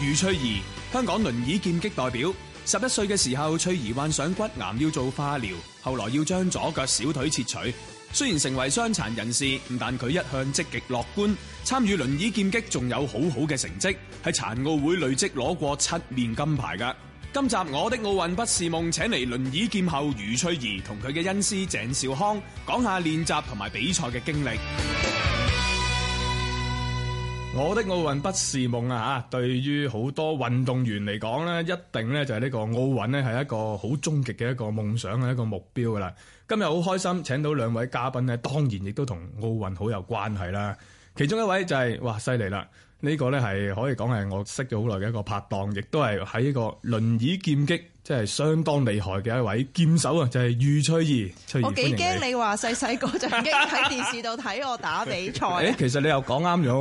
余翠怡，香港輪椅劍擊代表。十一歲嘅時候，翠怡患上骨癌，要做化療，後來要將左腳小腿切除。雖然成為傷殘人士，但佢一向積極樂觀，參與輪椅劍擊，仲有好好嘅成績，喺殘奧會累積攞過七面金牌噶。今集《我的奧運不是夢》，請嚟輪椅劍后余翠怡同佢嘅恩師鄭少康，講下練習同埋比賽嘅經歷。我的奧運不是夢啊！吓，對於好多運動員嚟講咧，一定咧就係呢個奧運咧係一個好終極嘅一個夢想嘅一個目標噶啦。今日好開心，請到兩位嘉賓咧，當然亦都同奧運好有關係啦。其中一位就係，哇，犀利啦！呢個咧係可以講係我識咗好耐嘅一個拍檔，亦都係喺呢個輪椅劍擊。即係相當厲害嘅一位劍手啊，就係余翠怡。翠怡，我幾驚你話細細個就喺電視度睇我打比賽。誒，其實你又講啱咗，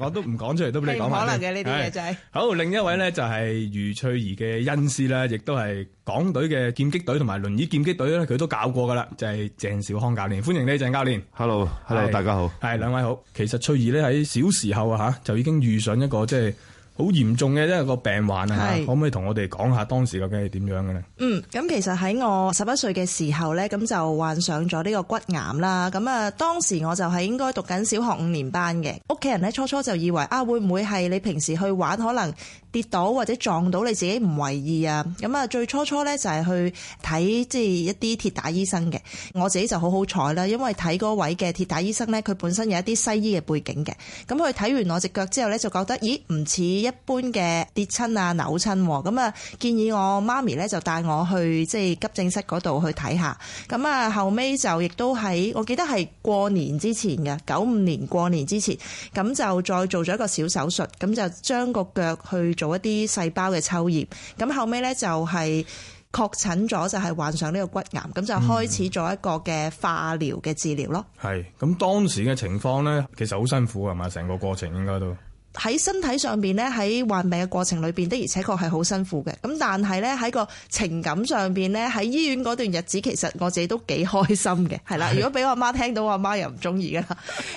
我都唔講出嚟，都俾你講下。唔可能嘅呢啲嘢就係。好，另一位咧就係余翠怡嘅恩師啦，亦都係港隊嘅劍擊隊同埋輪椅劍擊隊咧，佢都搞過噶啦，就係鄭少康教練。歡迎你，鄭教練。Hello，Hello，大家好。係兩位好。其實翠怡咧喺小時候啊吓，就已經遇上一個即係。好嚴重嘅，即係個病患啊，可唔可以同我哋講下當時究竟係點樣嘅咧？嗯，咁其實喺我十一歲嘅時候咧，咁就患上咗呢個骨癌啦。咁啊，當時我就係應該讀緊小學五年班嘅，屋企人咧初初就以為啊，會唔會係你平時去玩可能跌倒或者撞到你自己唔為意啊？咁啊，最初初咧就係去睇即係一啲鐵打醫生嘅，我自己就好好彩啦，因為睇嗰位嘅鐵打醫生咧，佢本身有一啲西醫嘅背景嘅。咁佢睇完我隻腳之後咧，就覺得咦唔似，一般嘅跌親啊扭親，咁啊建議我媽咪咧就帶我去即係急症室嗰度去睇下。咁啊後尾就亦都喺，我記得係過年之前嘅九五年過年之前，咁就再做咗一個小手術，咁就將個腳去做一啲細胞嘅抽驗。咁後尾咧就係確診咗，就係患上呢個骨癌，咁就開始做一個嘅化療嘅治療咯。係、嗯、咁當時嘅情況咧，其實好辛苦係嘛，成個過程應該都。喺身體上面咧，喺患病嘅過程裏面的，的，而且確係好辛苦嘅。咁但係咧喺個情感上面咧，喺醫院嗰段日子，其實我自己都幾開心嘅，係啦。如果俾我媽，媽聽到，我媽又唔中意噶啦。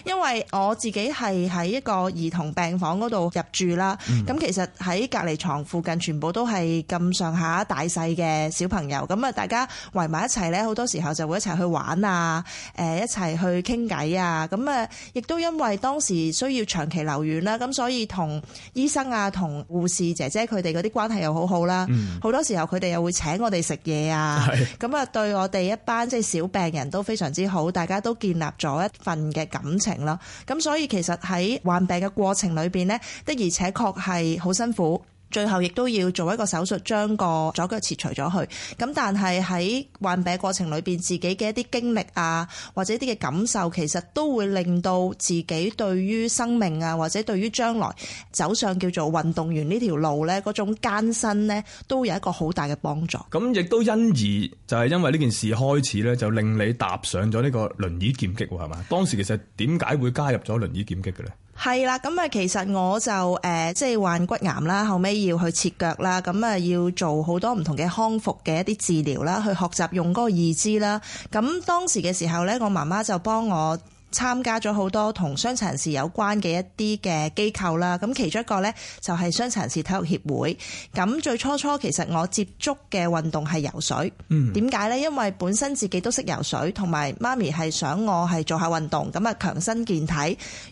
因為我自己係喺一個兒童病房嗰度入住啦。咁、嗯、其實喺隔離床附近，全部都係咁上下大細嘅小朋友。咁啊，大家圍埋一齊咧，好多時候就會一齊去玩啊，一齊去傾偈啊。咁啊，亦都因為當時需要長期留院啦，咁所可以同醫生啊、同護士姐姐佢哋嗰啲關係又好好啦，好多時候，嗯，佢哋又會請我哋食嘢啊，咁啊對我哋一班即係小病人都非常之好，大家都建立咗一份嘅感情啦。咁所以其實喺患病嘅過程裏邊呢，的而且確係好辛苦。最後亦都要做一個手術，將個左腳切除咗去。咁但係喺患病過程裏面，自己嘅一啲經歷啊，或者一啲嘅感受，其實都會令到自己對於生命啊，或者對於將來走上叫做運動員呢條路呢嗰種艱辛呢，都有一個好大嘅幫助。咁亦都因而就係因為呢件事開始呢，就令你踏上咗呢個輪椅劍擊喎，係嘛？當時其實點解會加入咗輪椅劍擊嘅呢？係啦，咁啊，其實我就誒，即係患骨癌啦，後尾要去切腳啦，咁啊，要做好多唔同嘅康復嘅一啲治療啦，去學習用嗰個義肢啦，咁當時嘅時候咧，我媽媽就幫我。參加咗好多同傷殘士有關嘅一啲嘅機構啦，咁其中一個呢，就係傷殘士體育協會。咁最初初其實我接觸嘅運動係游水，點解呢？因為本身自己都識游水，同埋媽咪係想我係做下運動，咁啊，強身健體，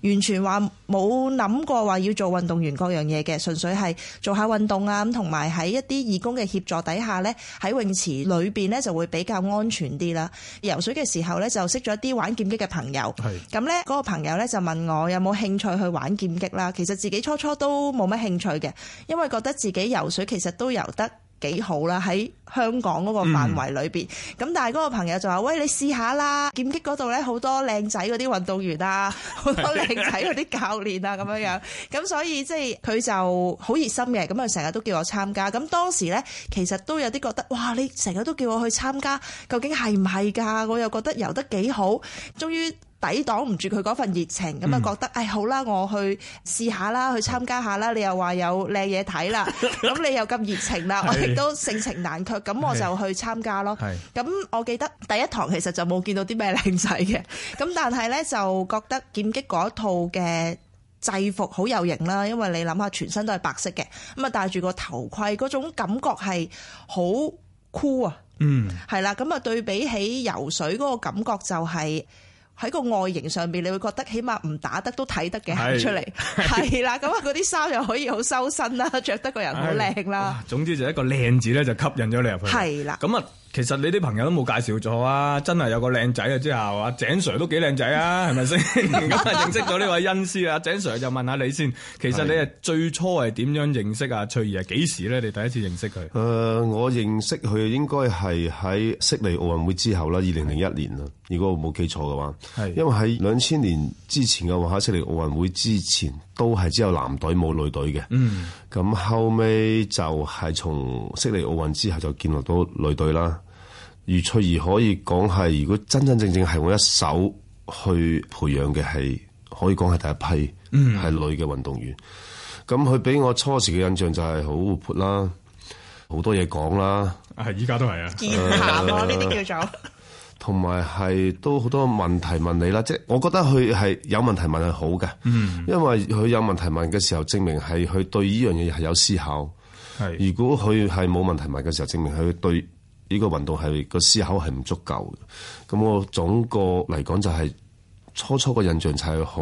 完全話冇諗過話要做運動員各樣嘢嘅，純粹係做下運動啊，咁同埋喺一啲義工嘅協助底下呢，喺泳池裏面呢就會比較安全啲啦。游水嘅時候呢，就識咗一啲玩劍擊嘅朋友。咁咧，嗰個朋友咧就問我有冇興趣去玩劍擊啦。其實自己初初都冇乜興趣嘅，因為覺得自己游水其實都游得幾好啦，喺香港嗰個範圍裏邊咁、嗯、但係嗰個朋友就話，喂，你試下啦！劍擊嗰度咧好多靚仔嗰啲運動員啊，好多靚仔嗰啲教練啊，咁 樣樣。咁所以即係佢就好熱心嘅，咁啊成日都叫我參加。咁當時咧其實都有啲覺得，哇！你成日都叫我去參加，究竟係唔係㗎？我又覺得游得幾好，終於，抵擋唔住佢嗰份熱情，咁、嗯、啊覺得，誒好啦，我去試下啦，去參加下啦。你又話有靚嘢睇啦，咁 你又咁熱情啦，我亦都盛情難卻，咁我就去參加咯。咁我記得第一堂其實就冇見到啲咩靚仔嘅，咁但係呢，就覺得劍擊嗰套嘅制服好有型啦，因為你諗下全身都係白色嘅，咁啊戴住個頭盔，嗰種感覺係好酷啊。嗯，係啦，咁啊對比起游水嗰個感覺就係、是。喺個外形上邊，你會覺得起碼唔打得都睇得嘅，行出嚟。係啦。咁啊，嗰啲衫又可以好修身啦，着得個人好靚啦。總之就一個靚字咧，就吸引咗你入去。係啦。咁啊，其實你啲朋友都冇介紹咗啊，真係有個靚仔啊。之後阿井 Sir 都幾靚仔啊，係咪先？咁啊，認識咗呢位恩師啊，井 Sir 就問下你先。其實你係最初係點樣認識阿翠怡？係幾時咧？你第一次認識佢？誒，我認識佢應該係喺悉尼奧運會之後啦，二零零一年啊，如果我冇記錯嘅話。係，因為喺兩千年之前嘅話，喺悉尼奧運會之前都係只有男隊冇女隊嘅。嗯，咁後尾就係從悉尼奧運之後就建立到女隊啦。余翠怡可以講係，如果真真正正係我一手去培養嘅，係可以講係第一批，係女嘅運動員。咁佢俾我初時嘅印象就係好活潑啦，好多嘢講啦。現在啊，依家都係啊，呢、呃、啲、啊、叫做。 同埋係都好多問題問你啦，即係我覺得佢係有問題問係好嘅，嗯，因為佢有問題問嘅時候，證明係佢對呢樣嘢係有思考。如果佢係冇問題問嘅時候，證明佢對呢個運動係個思考係唔足夠嘅。咁我總個嚟講就係、係、初初個印象就係好，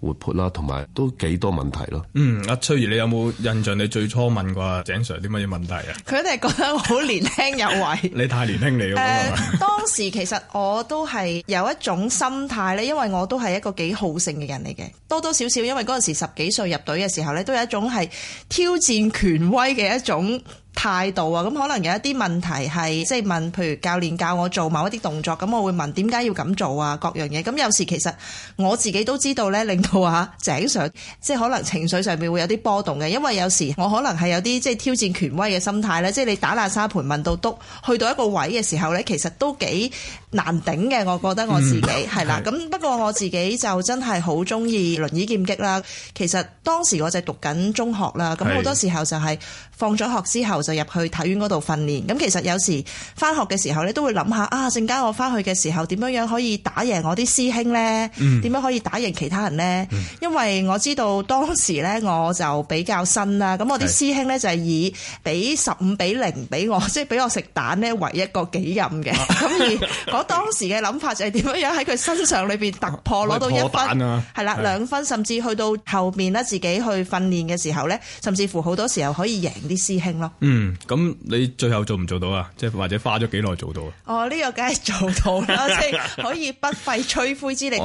活潑啦，同埋都幾多問題咯。嗯，阿翠怡，你有冇印象？你最初問過阿井 Sir 啲乜嘢問題啊？佢哋覺得我好年輕有為。 你太年輕你。誒、呃，當時其實我都係有一種心態咧，因為我都係一個幾好勝嘅人嚟嘅，多多少少因為嗰陣時十幾歲入隊嘅時候咧，都有一種係挑戰權威嘅一種。態度啊，咁可能有一啲問題係即係問，譬如教練教我做某一啲動作，咁我會問點解要咁做啊？各樣嘢，咁有時其實我自己都知道咧，令到啊井上即係可能情緒上面會有啲波動嘅，因為有時我可能係有啲即係挑戰權威嘅心態咧，即係你打爛沙盤問到篤，去到一個位嘅時候咧，其實都幾難頂嘅，我覺得我自己係 啦。咁不過我自己就真係好中意輪椅劍擊啦。其實當時我就讀緊中學啦。咁好多時候就係放咗學之後就入去體院嗰度訓練。咁其實有時翻學嘅時候咧，都會諗下啊，陣間我翻去嘅時候點樣樣可以打贏我啲師兄呢？點、嗯、樣可以打贏其他人呢？嗯因為我知道當時咧我就比較新啦。咁我啲師兄咧就係以俾十五比零俾我，即係俾我食蛋咧為一個己任嘅。咁而。我當時嘅諗法就係點樣樣喺佢身上裏邊突破攞到一分，係啦兩分，甚至去到後面，咧自己去訓練嘅時候咧，甚至乎好多時候可以贏啲師兄咯。嗯，咁你最後做唔做到啊？即係或者花咗幾耐做到啊？哦，呢個梗係做到啦，即係可以不費吹灰之力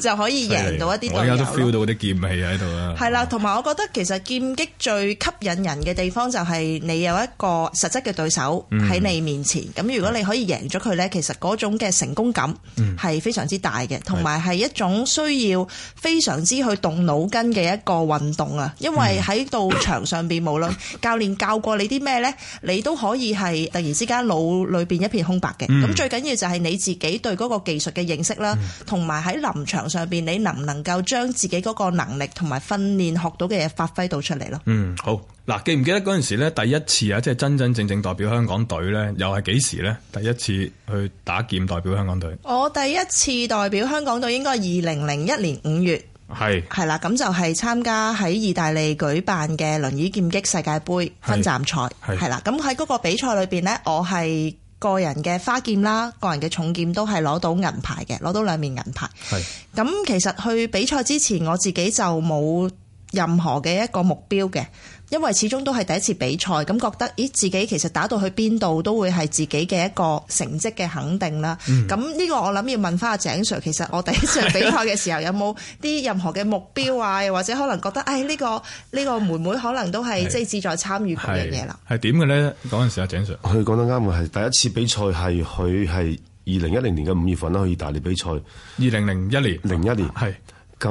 就可以贏到一啲對手。我而家都 feel 到嗰啲劍氣喺度啦。係啦，同埋我覺得其實劍擊最吸引人嘅地方就係你有一個實質嘅對手喺你面前，咁如果你可以贏咗佢咧，其實嗰種嘅成功感係非常之大嘅，同埋係一種需要非常之去動腦筋嘅一個運動啊！因為喺到場上邊無論教練教過你啲咩咧，你都可以係突然之間腦裏邊一片空白嘅。咁最緊要就係你自己對嗰個技術嘅認識啦，同埋喺臨場上邊你能唔能夠將自己嗰個能力同埋訓練學到嘅嘢發揮到出嚟咯？嗯，好。嗱，記唔記得嗰陣時咧，第一次啊，即係真真正正代表香港隊咧，又係幾時咧？第一次去打劍代表香港隊。我第一次代表香港隊應該係二零零一年五月，係係啦，咁就係參加喺意大利舉辦嘅輪椅劍擊世界盃分站賽，係啦。咁喺嗰個比賽裏邊咧，我係個人嘅花劍啦，個人嘅重劍都係攞到銀牌嘅，攞到兩面銀牌。係。咁其實去比賽之前，我自己就冇任何嘅一個目標嘅。因為始終都係第一次比賽，咁覺得，咦，自己其實打到去邊度都會係自己嘅一個成績嘅肯定啦。咁、嗯、呢個我諗要問翻阿井 Sir，其實我第一次比賽嘅時候有冇啲任何嘅目標啊？ 或者可能覺得，誒、哎，呢、這個呢、這個妹妹可能都係 即係志在參與嗰啲嘢啦。係點嘅呢？嗰陣時阿井 Sir，佢講得啱係第一次比賽係佢係二零一零年嘅五月份啦，去意大利比賽。二零零一年，零一年，係。咁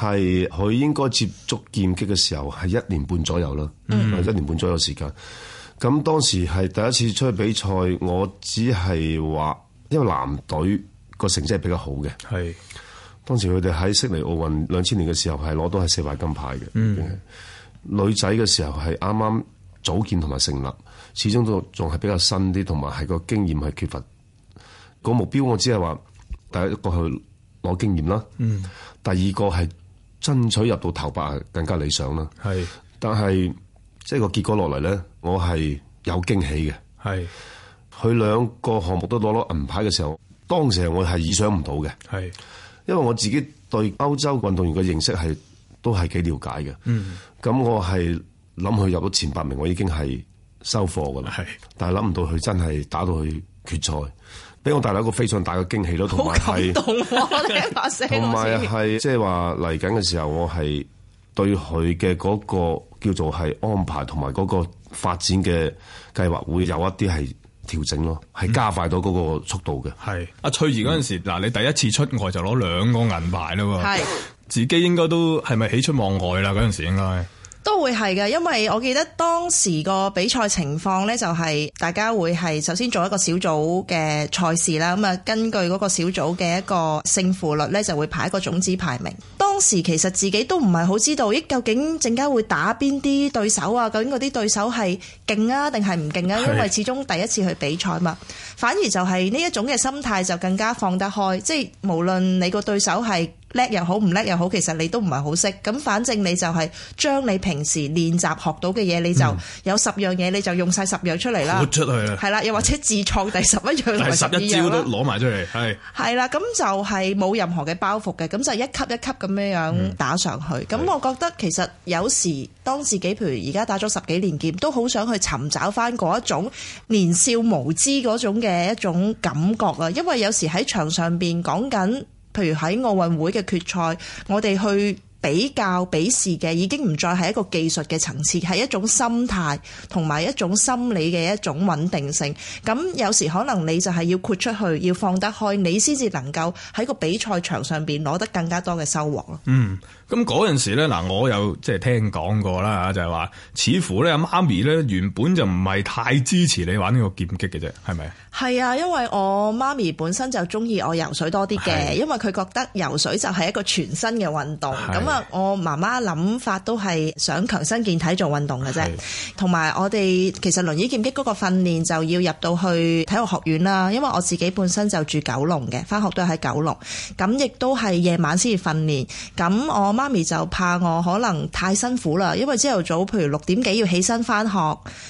係佢應該接觸劍擊嘅時候係一年半左右啦，mm-hmm. 一年半左右時間。咁當時係第一次出去比賽，我只係話，因為男隊個成績係比較好嘅。係、mm-hmm. 當時佢哋喺悉尼奧運兩千年嘅時候係攞到係四塊金牌嘅。Mm-hmm. 女仔嘅時候係啱啱組建同埋成立，始終都仲係比較新啲，同埋係個經驗係缺乏。個目標我只係話，第一過去。我經驗啦、嗯，第二個係爭取入到頭八更加理想啦。係，但係即係個結果落嚟咧，我係有驚喜嘅。係，佢兩個項目都攞攞銀牌嘅時候，當時我係意想唔到嘅。係，因為我自己對歐洲運動員嘅認識係都係幾了解嘅。嗯，咁我係諗佢入到前八名，我已經係收貨噶啦。係，但係諗唔到佢真係打到去決賽。俾我帶來一個非常大嘅驚喜咯，同埋係同埋係即係話嚟緊嘅時候，我係對佢嘅嗰個叫做係安排同埋嗰個發展嘅計劃會有一啲係調整咯，係加快到嗰個速度嘅。係阿翠怡嗰陣時，嗱，你第一次出外就攞兩個銀牌啦，喎，係自己應該都係咪喜出望外啦？嗰陣時應該。都會係嘅，因為我記得當時個比賽情況呢，就係大家會係首先做一個小組嘅賽事啦。咁啊，根據嗰個小組嘅一個勝負率呢，就會排一個種子排名。當時其實自己都唔係好知道，咦？究竟陣間會打邊啲對手啊？究竟嗰啲對手係勁啊，定係唔勁啊？因為始終第一次去比賽嘛。反而就係呢一種嘅心態就更加放得開，即係無論你個對手係，叻又好唔叻又好，其實你都唔係好識，咁反正你就係將你平時練習學到嘅嘢，嗯，你就有十樣嘢，你就用晒十樣出嚟啦。攞出去係啦，又或者自創第十一樣，第十一招都攞埋出嚟，係係啦，咁就係冇任何嘅包袱嘅，咁就一級一級咁樣樣打上去。咁、嗯、我覺得其實有時當自己譬如而家打咗十幾年劍，都好想去尋找翻嗰一種年少無知嗰種嘅一種感覺啊，因為有時喺場上邊講緊。譬如喺奧運會嘅決賽，我哋去，比較比試嘅已經唔再係一個技術嘅層次，係一種心態同埋一種心理嘅一種穩定性。咁有時可能你就係要豁出去，要放得開，你先至能夠喺個比賽場上邊攞得更加多嘅收穫咯。嗯，咁嗰陣時呢嗱，我有即係聽講過啦就係話，似乎呢，媽咪呢原本就唔係太支持你玩呢個劍擊嘅啫，係咪？係啊，因為我媽咪本身就中意我游水多啲嘅，因為佢覺得游水就係一個全新嘅運動咁。因為我媽媽諗法都係想強身健體做運動嘅啫，同埋我哋其實輪椅劍擊嗰個訓練就要入到去體育學院啦。因為我自己本身就住九龍嘅，翻學都喺九龍，咁亦都係夜晚先至訓練。咁我媽咪就怕我可能太辛苦啦，因為朝頭早譬如六點幾要起身翻學，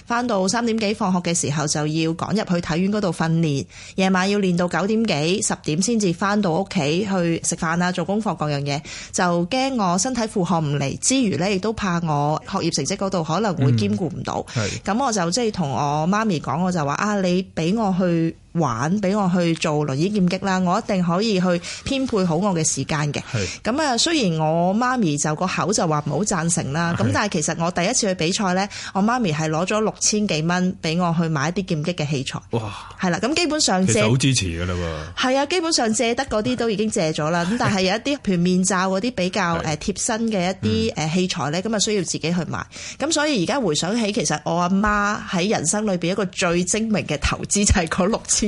翻到三點幾放學嘅時候就要趕入去體院嗰度訓練，夜晚要練到九點幾十點先至翻到屋企去食飯啊、做功課各樣嘢，就驚我。我身體負荷唔嚟之餘咧，亦都怕我學業成績嗰度可能會兼顧唔到。咁、嗯、我就即係同我媽咪講，我就話啊，你俾我去。玩俾我去做輪椅劍擊啦，我一定可以去編配好我嘅時間嘅。咁啊，雖然我媽咪就個口就話唔好贊成啦，咁但係其實我第一次去比賽呢，我媽咪係攞咗六千幾蚊俾我去買一啲劍擊嘅器材。哇！係啦，咁基本上其實好支持㗎啦喎。係啊，基本上借得嗰啲都已經借咗啦，咁但係有一啲譬如面罩嗰啲比較誒貼身嘅一啲誒器材呢，咁啊、嗯、需要自己去買。咁所以而家回想起，其實我阿媽喺人生裏邊一個最精明嘅投資就係嗰六千。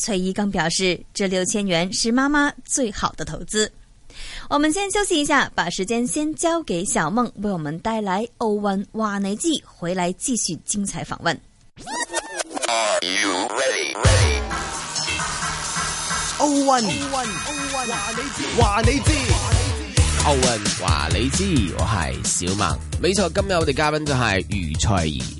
翠姨更表示，這六千元是媽媽最好的投資。我們先休息一下，把時間先交給小夢，為我們帶來奧運話你知。回來繼續精彩訪問。Are you ready? Ready? 奧運，奧運，奧運，話你知，話你知，奧運，話你知。我係小夢，沒錯，今日我哋嘉賓就係余翠怡。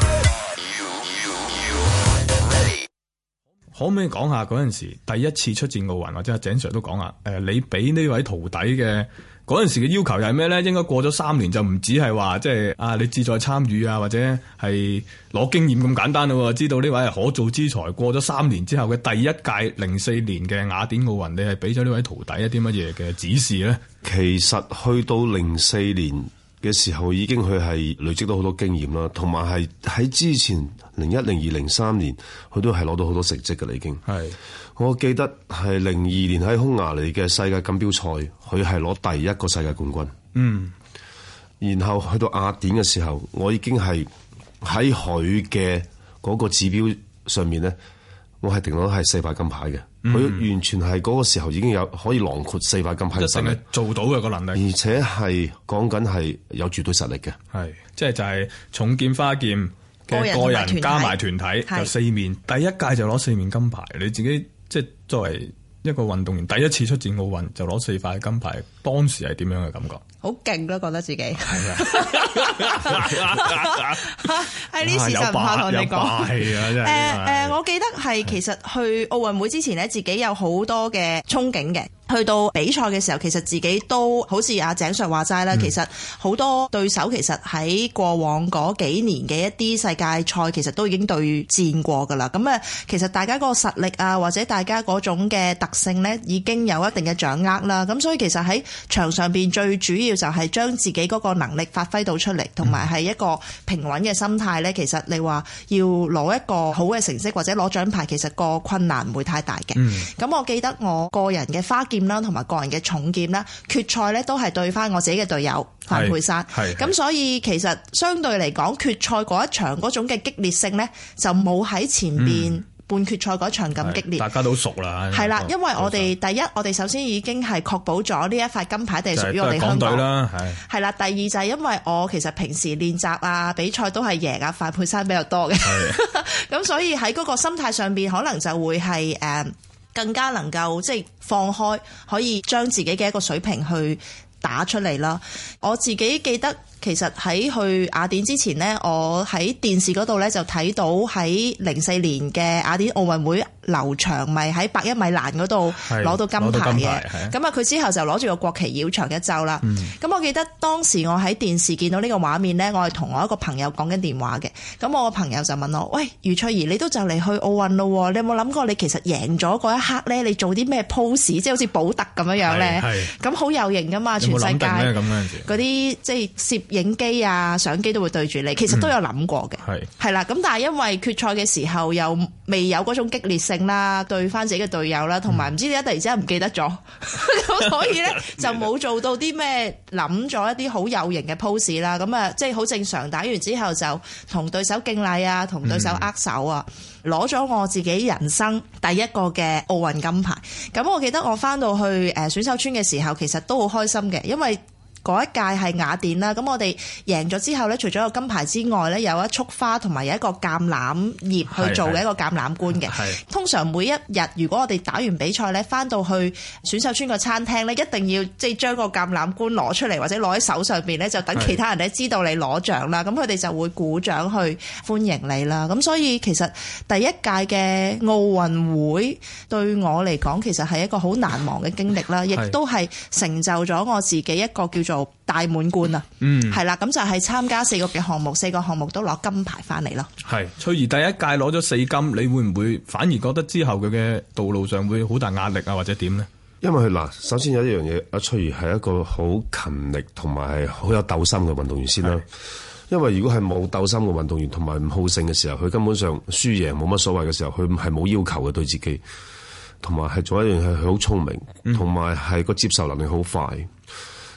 可唔可以講下嗰陣時第一次出戰奧運，或者阿井 Sir 都講啊？誒，你俾呢位徒弟嘅嗰陣時嘅要求又係咩咧？應該過咗三年就唔止係話即係啊，你志在參與啊，或者係攞經驗咁簡單嘞喎？知道呢位係可造之才，過咗三年之後嘅第一屆零四年嘅雅典奧運，你係俾咗呢位徒弟一啲乜嘢嘅指示咧？其實去到零四年。嘅時候已經佢係累積到好多經驗啦，同埋係喺之前零一、零二、零三年，佢都係攞到好多成績㗎啦。已經係我記得係零二年喺匈牙利嘅世界錦標賽，佢係攞第一個世界冠軍。嗯，然後去到雅典嘅時候，我已經係喺佢嘅嗰個指標上面咧。我係定咗係四塊金牌嘅，佢、嗯、完全係嗰個時候已經有可以囊括四塊金牌嘅實力，是做到嘅、嗰個能力，而且係講緊係有絕對實力嘅。係，即係就係、是、重劍花劍嘅個人加埋團體，團體就四面，第一屆就攞四面金牌。你自己即係、就是、作為一個運動員，第一次出戰奧運就攞四塊金牌，當時係點樣嘅感覺？好勁咯，覺得自己係啊！係，呢事就唔怕同你講。有霸氣啊，真係 呃呃、我記得係 其實去奧運會之前咧，自己有好多嘅憧憬嘅。去到比賽嘅時候，其實自己都好似阿井上話齋啦。其實好多對手其實喺過往幾年嘅一啲世界賽其實都已經對戰過㗎啦。咁啊，其實大家個實力啊，或者大家種嘅特性咧，已經有一定嘅掌握啦。咁所以其實喺場上邊最主要。就係、是、將自己嗰個能力發揮到出嚟，同埋係一個平穩嘅心態咧。嗯、其實你話要攞一個好嘅成績或者攞獎牌，其實個困難唔會太大嘅。咁、嗯、我記得我個人嘅花劍啦，同埋個人嘅重劍啦，決賽咧都係對翻我自己嘅隊友范佩珊。係咁，所以其實相對嚟講，決賽嗰一場嗰種嘅激烈性咧，就冇喺前邊、嗯。半決賽嗰場咁激烈，大家都熟啦。係啦，因為我哋第一，我哋首先已經係確保咗呢一塊金牌定係屬於我哋香港。係啦，第二就係因為我其實平時練習啊、比賽都係贏啊、快配生比較多嘅，咁所以喺嗰個心態上邊可能就會係誒更加能夠即係放開，可以將自己嘅一個水平去打出嚟啦。我自己記得。其實喺去雅典之前呢，我喺電視嗰度咧就睇到喺零四年嘅雅典奧運會劉，劉翔咪喺百一米欄嗰度攞到金牌嘅。咁啊，佢之後就攞住個國旗繞場一週啦。咁、嗯、我記得當時我喺電視見到呢個畫面呢，我係同我一個朋友講緊電話嘅。咁我個朋友就問我，喂，余翠怡，你都就嚟去奧運咯。你有冇諗過你其實贏咗嗰一刻咧，你做啲咩 pose？即係好似保特咁樣樣咧，咁好有型噶嘛有有？全世界。嗰啲即係攝影機啊，相機都會對住你，其實都有諗過嘅，係啦。咁但係因為決賽嘅時候又未有嗰種激烈性啦，對翻自己嘅隊友啦，同埋唔知點解，突然之間唔記得咗，咁所以咧就冇做到啲咩諗咗一啲好有型嘅 pose 啦。咁啊，即係好正常，打完之後就同對手敬禮啊，同對手握手啊，攞咗我自己人生第一個嘅奧運金牌。咁我記得我翻到去誒選手村嘅時候，其實都好開心嘅，因為。嗰一屆係雅典啦，咁我哋贏咗之後咧，除咗有金牌之外咧，有一束花同埋有一個橄欖葉去做嘅一個橄欖冠嘅。通常每一日，如果我哋打完比賽咧，翻到去選手村個餐廳咧，一定要即係將個橄欖冠攞出嚟，或者攞喺手上邊咧，就等其他人哋知道你攞獎啦。咁佢哋就會鼓掌去歡迎你啦。咁所以其實第一屆嘅奧運會對我嚟講，其實係一個好難忘嘅經歷啦，亦都係成就咗我自己一個叫做。做大滿貫啊，係、嗯、啦，咁就係參加四個嘅項目，四個項目都攞金牌翻嚟咯。係，翠怡第一屆攞咗四金，你會唔會反而覺得之後佢嘅道路上會好大壓力啊，或者點呢？因為嗱，首先有一樣嘢，阿翠怡係一個好勤力同埋好有鬥心嘅運動員先啦。因為如果係冇鬥心嘅運動員，同埋唔好勝嘅時候，佢根本上輸贏冇乜所謂嘅時候，佢係冇要求嘅對自己，同埋係做一樣係佢好聰明，同埋係個接受能力好快。嗯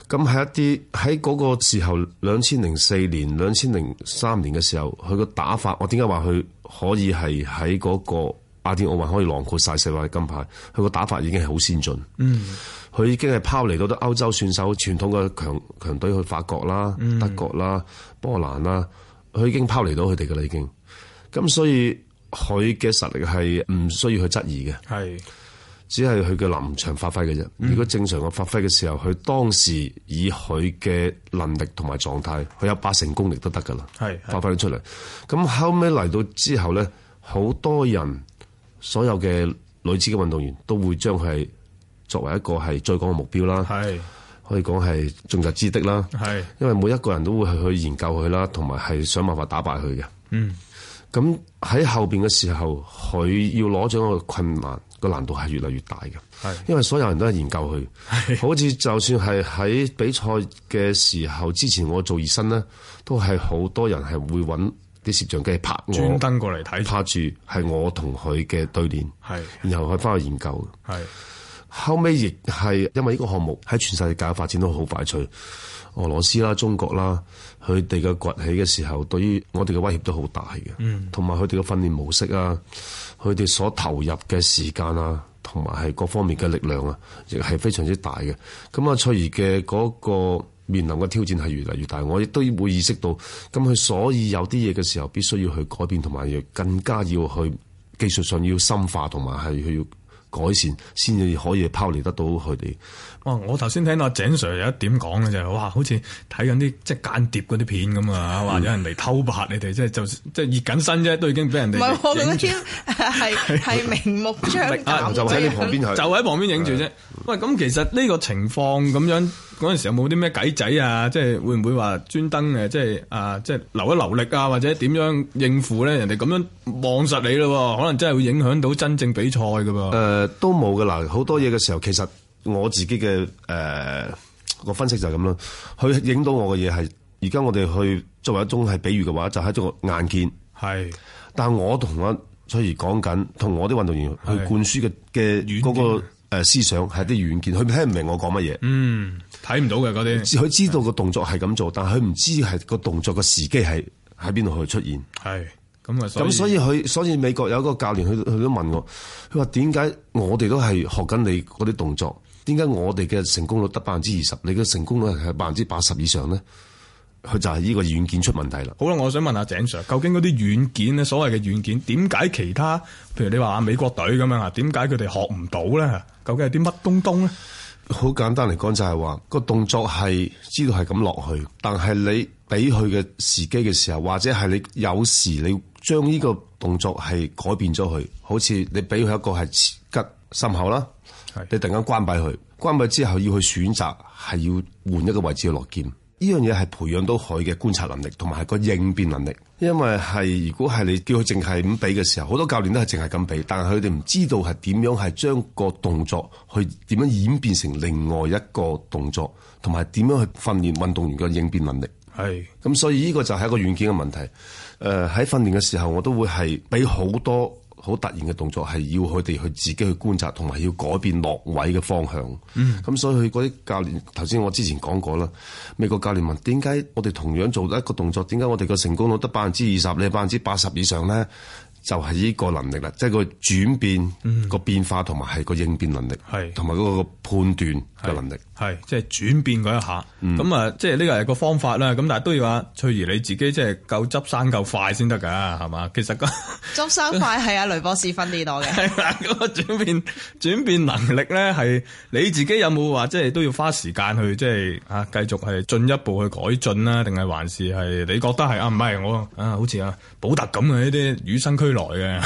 咁係一啲喺嗰個時候，兩千零四年、兩千零三年嘅時候，佢個打法，我點解話佢可以係喺嗰個雅典奧運可以囊括晒四塊金牌？佢個打法已經係好先進，嗯，佢已經係拋離到啲歐洲選手傳統嘅強強隊，去法國啦、嗯、德國啦、波蘭啦，佢已經拋離到佢哋噶啦，已經。咁所以佢嘅實力係唔需要去質疑嘅，係。只係佢嘅臨場發揮嘅啫。如果正常嘅發揮嘅時候，佢、嗯、當時以佢嘅能力同埋狀態，佢有八成功力都得噶啦。係發揮咗出嚟。咁後尾嚟到之後咧，好多人所有嘅女子嘅運動員都會將佢作為一個係追趕嘅目標啦。係可以講係眾矢之的啦。係因為每一個人都會去研究佢啦，同埋係想辦法打敗佢嘅。嗯。咁喺後邊嘅時候，佢要攞咗個困難。個難度係越嚟越大嘅，係因為所有人都係研究佢，好似就算係喺比賽嘅時候 之前，我做熱身咧，都係好多人係會揾啲攝像機拍我，專登過嚟睇，拍住係我同佢嘅對練，係 然後佢翻去研究，係 後尾亦係因為呢個項目喺全世界的發展都好快脆。俄羅斯啦、中國啦，佢哋嘅崛起嘅時候，對於我哋嘅威脅都好大嘅，嗯，同埋佢哋嘅訓練模式啊，佢哋所投入嘅時間啊，同埋係各方面嘅力量啊，亦係非常之大嘅。咁啊，翠兒怡嘅嗰個面臨嘅挑戰係越嚟越大，我亦都會意識到，咁佢所以有啲嘢嘅時候必須要去改變，同埋要更加要去技術上要深化，同埋係要。改善先至可以拋離得到佢哋。哇！我頭先聽阿井 Sir 有一點講嘅，就係，哇！好似睇緊啲即係間諜嗰啲片咁啊，話有人嚟偷拍你哋，即係就即係熱緊身啫，都已經俾人哋。唔、嗯、係，我覺得超係係明目張膽，啊，就喺你旁邊就喺旁邊影住啫。喂，咁其實呢個情況咁樣嗰陣時候有冇啲咩計仔啊，即係會唔會話專登嘅，即係啊，即係留一留力啊，或者點樣應付咧？人哋咁樣望實你咯，可能真係會影響到真正比賽噶噃。誒、呃，都冇噶啦，好多嘢嘅時候，其實我自己嘅，誒個分析就係咁咯。佢影到我嘅嘢係，而家我哋去作為一種係比喻嘅話，就係一個硬件係，但係我同阿翠怡講緊，同我啲運動員去灌輸嘅嘅嗰個。誒，思想係啲軟件，佢聽唔明我講乜嘢，嗯，睇唔到嘅嗰啲，佢知道個動作係咁做，但係佢唔知係個動作嘅時機係喺邊度去出現。係咁啊，咁所以佢，所以美國有一個教練，佢佢都問我，佢話，點解我哋都係學緊你嗰啲動作，點解我哋嘅成功率得百分之二十，你嘅成功率係百分之八十以上咧？佢就係呢個軟件出問題啦。好啦，我想問下井 Sir，究竟嗰啲軟件咧，所謂嘅軟件，點解其他，譬如你話啊美國隊咁樣啊，點解佢哋學唔到咧？究竟係啲乜東東咧？好簡單嚟講，就係話個動作係知道係咁落去，但係你俾佢嘅時機嘅時候，或者係你有時你將呢個動作係改變咗佢，好似你俾佢一個係吉心口啦，你突然間關閉佢，關閉之後要去選擇係要換一個位置去落劍。呢樣嘢，係培養到佢嘅觀察能力，同埋個應變能力。因為係如果係你叫佢淨係咁比嘅時候，好多教練都係淨係咁比，但係佢哋唔知道係點樣係將個動作去點樣演變成另外一個動作，同埋點樣去訓練運動員嘅應變能力。係。咁所以呢個就係一個軟件嘅問題。誒、呃，喺訓練嘅時候，我都會係俾好多。好突然嘅動作係要佢哋去自己去觀察，同埋要改變落位嘅方向。咁、嗯、所以佢嗰啲教練，頭先我之前講過啦。美國教練問點解我哋同樣做一個動作，點解我哋個成功率得百分之二十，你百分之八十以上咧？就係、是、呢個能力啦，即係個轉變、個、嗯、變化同埋係個應變能力，同埋嗰個判斷。嘅能力係即係轉變嗰一下，咁、嗯、啊即係呢個係個方法啦。咁但係都要話翠怡你自己即係夠執生夠快先得噶，係嘛？其實、那個執生快係阿雷博士分啲多嘅。係 啊，那個轉變轉變能力咧係你自己有冇話即係都要花時間去即係啊繼續係進一步去改進啦？定係還是係你覺得係啊？唔係我啊，好似啊寶特咁嘅呢啲與生俱來嘅。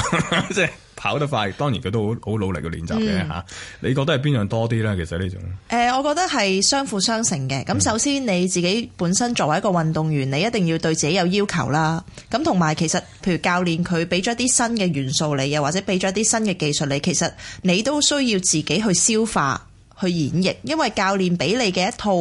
跑得快，當然佢都好好努力嘅練習嘅嚇、嗯。你覺得係邊樣多啲呢？其實呢種，誒、呃，我覺得係相輔相成嘅。咁首先你自己本身作為一個運動員，你一定要對自己有要求啦。咁同埋其實譬如教練佢俾咗啲新嘅元素你，又或者俾咗啲新嘅技術你，其實你都需要自己去消化。去演繹，因為教練俾你嘅一套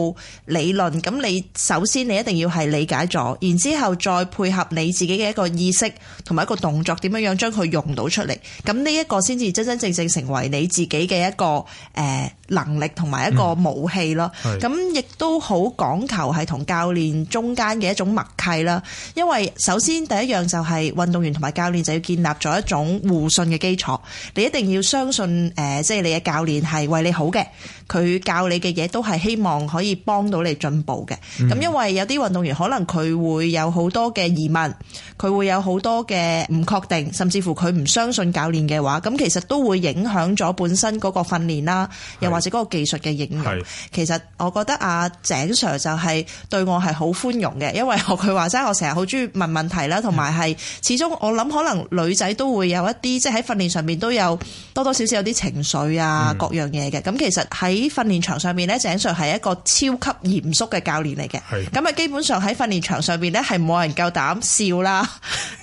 理論，咁你首先你一定要係理解咗，然之後再配合你自己嘅一個意識同埋一個動作，點樣樣將佢用到出嚟，咁呢一個先至真真正正成為你自己嘅一個誒、呃、能力同埋一個武器咯。咁亦都好講求係同教練中間嘅一種默契啦。因為首先第一樣就係、是、運動員同埋教練就要建立咗一種互信嘅基礎，你一定要相信誒，即、呃、係、就是、你嘅教練係為你好嘅。佢教你嘅嘢都係希望可以幫到你進步嘅，咁、嗯、因為有啲運動員可能佢會有好多嘅疑問，佢會有好多嘅唔確定，甚至乎佢唔相信教練嘅話，咁其實都會影響咗本身嗰個訓練啦，又或者嗰個技術嘅應用。其實我覺得阿、啊、井 Sir 就係對我係好寬容嘅，因為佢話齋，我成日好中意問問題啦，同埋係始終我諗可能女仔都會有一啲，即係喺訓練上面都有多多少少有啲情緒啊，嗯、各樣嘢嘅，咁其實。喺訓練場上面咧，井上係一個超級嚴肅嘅教練嚟嘅。咁啊，基本上喺訓練場上邊咧，係冇人夠膽笑啦，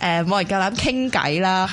誒， 冇人夠膽傾偈啦。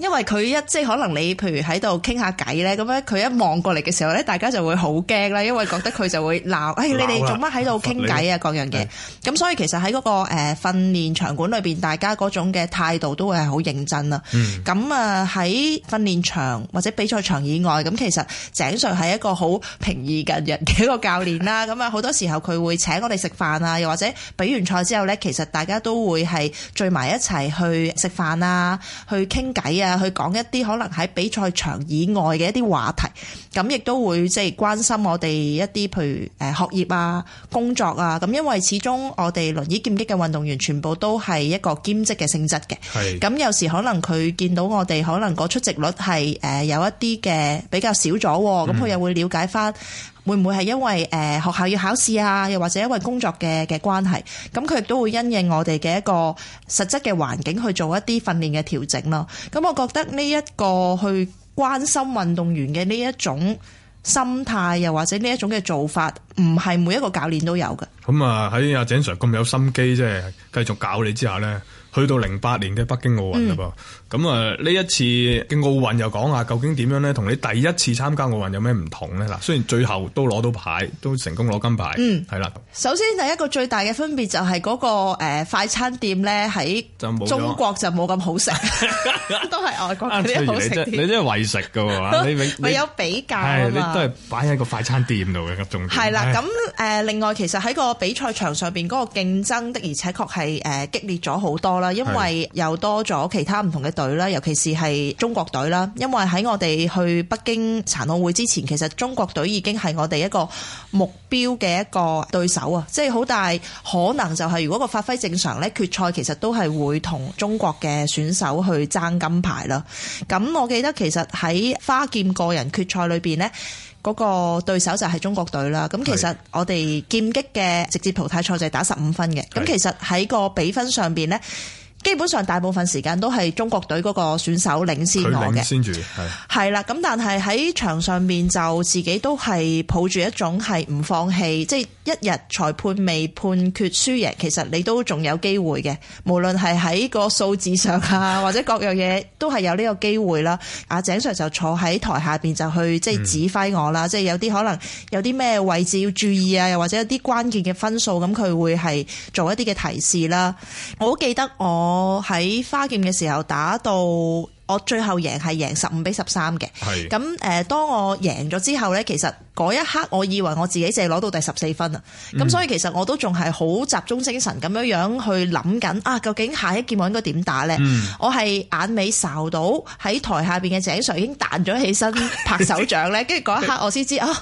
因為佢一即係可能你，譬如喺度傾下偈咧，咁樣佢一望過嚟嘅時候咧，大家就會好驚啦，因為覺得佢就會鬧誒、 哎、你哋做乜喺度傾偈啊，各樣嘢。咁所以其實喺嗰、嗰個誒、呃、訓練場館裏邊，大家嗰種嘅態度都會係好認真啦。咁啊喺訓練場或者比賽場以外，咁其實井上係一個好平易近人嘅一個教練啦。咁啊好多時候佢會請我哋食飯啊，又或者比完賽之後咧，其實大家都會係聚埋一齊去食飯啊，去傾偈啊。去講一啲可能喺比賽場以外嘅一啲話題，咁亦都會即係關心我哋一啲譬如誒學業啊、工作啊，咁因為始終我哋輪椅劍擊嘅運動員全部都係一個兼職嘅性質嘅，咁有時可能佢見到我哋可能個出席率係誒有一啲嘅比較少咗，咁、嗯、佢又會了解返。會唔會係因為誒學校要考試啊，又或者因為工作嘅嘅關係，咁佢亦都會因應我哋嘅一個實質嘅環境去做一啲訓練嘅調整咯。咁我覺得呢一個去關心運動員嘅呢一種心態，又或者呢一種嘅做法，唔係每一個教練都有嘅。咁啊喺阿井 Sir 咁有心機，即係繼續教你之下呢，去到零八年嘅北京奧運啦噃。咁啊，呢一次嘅奧運又講下，究竟點樣咧？同你第一次參加奧運有咩唔同咧？嗱，雖然最後都攞到牌，都成功攞金牌，嗯，係啦。首先第一個最大嘅分別就係嗰個誒快餐店咧，喺中國就冇咁好食，都係外國嗰啲好食啲。你真係你真係為食嘅喎，你永你有比較啊嘛？係你都係擺喺個快餐店度嘅重點。係啦，咁誒另外其實喺個比賽場上邊嗰個競爭的而且確係誒激烈咗好多啦，因為又多咗其他唔同嘅。隊啦，尤其是係中國隊啦，因為喺我哋去北京殘奧會之前，其實中國隊已經係我哋一個目標嘅一個對手啊，即係好大可能就係如果個發揮正常呢，決賽其實都係會同中國嘅選手去爭金牌啦。咁我記得其實喺花劍個人決賽裏邊呢，嗰個對手就係中國隊啦。咁其實我哋劍擊嘅直接淘汰賽就係打十五分嘅，咁其實喺個比分上邊呢。基本上大部分時間都係中國隊嗰個選手領先我嘅先住，係啦，咁但係喺場上面就自己都係抱住一種係唔放棄，即係一日裁判未判決輸贏，其實你都仲有機會嘅。無論係喺個數字上啊，或者各樣嘢 都係有呢個機會啦。阿井 Sir 就坐喺台下邊就去即係指揮我啦，即係，嗯，有啲可能有啲咩位置要注意啊，又或者有啲關鍵嘅分數，咁，佢會係做一啲嘅提示啦。我記得我。我喺花劍嘅時候打到我最後贏係贏十五比十三嘅，咁誒，當我贏咗之後呢，其實嗰一刻我以為我自己淨係攞到第十四分啦，咁、嗯、所以其實我都仲係好集中精神咁樣樣去諗緊啊，究竟下一劍我應該點打呢？嗯、我係眼尾睄到喺台下邊嘅井上已經彈咗起身拍手掌呢，跟住嗰一刻我先知啊。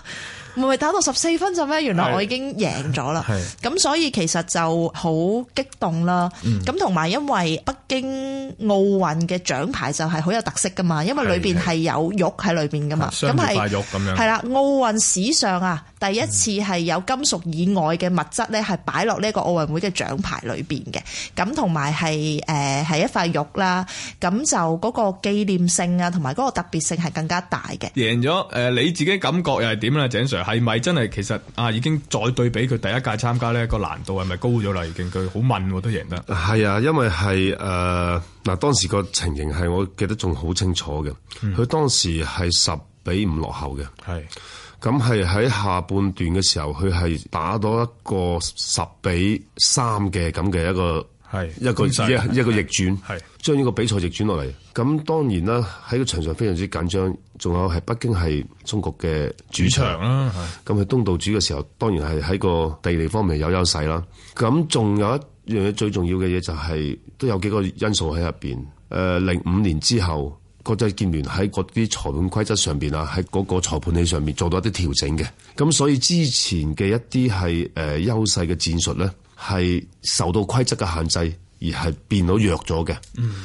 咪打到十四分啫咩？原來我已經贏咗啦，咁所以其實就好激動啦。咁同埋因為北京奧運嘅獎牌就係好有特色噶嘛，因為裏邊係有玉喺裏邊噶嘛，咁係塊玉咁樣，係啦。奧運史上啊，第一次係有金屬以外嘅物質咧，係擺落呢個奧運會嘅獎牌裏邊嘅。咁同埋係誒係一塊玉啦。咁就嗰個紀念性啊，同埋嗰個特別性係更加大嘅。贏咗誒，你自己感覺又係點啦，井 Sir？係咪真係其實啊，已經再對比佢第一屆參加呢個難度係咪高咗啦？而家佢好我都贏得。係啊，因為係誒嗱，當時個情形係我記得仲好清楚嘅。佢、嗯、當時係十比五落後嘅，係咁係喺下半段嘅時候，佢係打到一個十比三嘅咁嘅一個。係一個是一個逆轉，係將呢個比賽逆轉落嚟。咁當然啦，喺個場上非常之緊張，仲有係北京係中國嘅主場啦。咁係、啊、東道主嘅時候，當然係喺個地理方面有優勢啦。咁仲有一樣嘢最重要嘅嘢就係、是、都有幾個因素喺入邊。誒、呃，零五年之後國際劍聯喺嗰啲裁判規則上邊啊，喺嗰個裁判器上面做到一啲調整嘅。咁所以之前嘅一啲係誒優勢嘅戰術咧。係受到規則嘅限制，而係變到弱咗嘅。咁、嗯、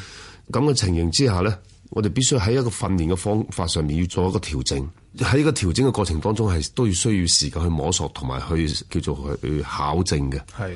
嘅情形之下咧，我哋必須喺一個訓練嘅方法上面要做一個調整。喺呢個調整嘅過程當中，係都要需要時間去摸索同埋去叫做去考證嘅。係。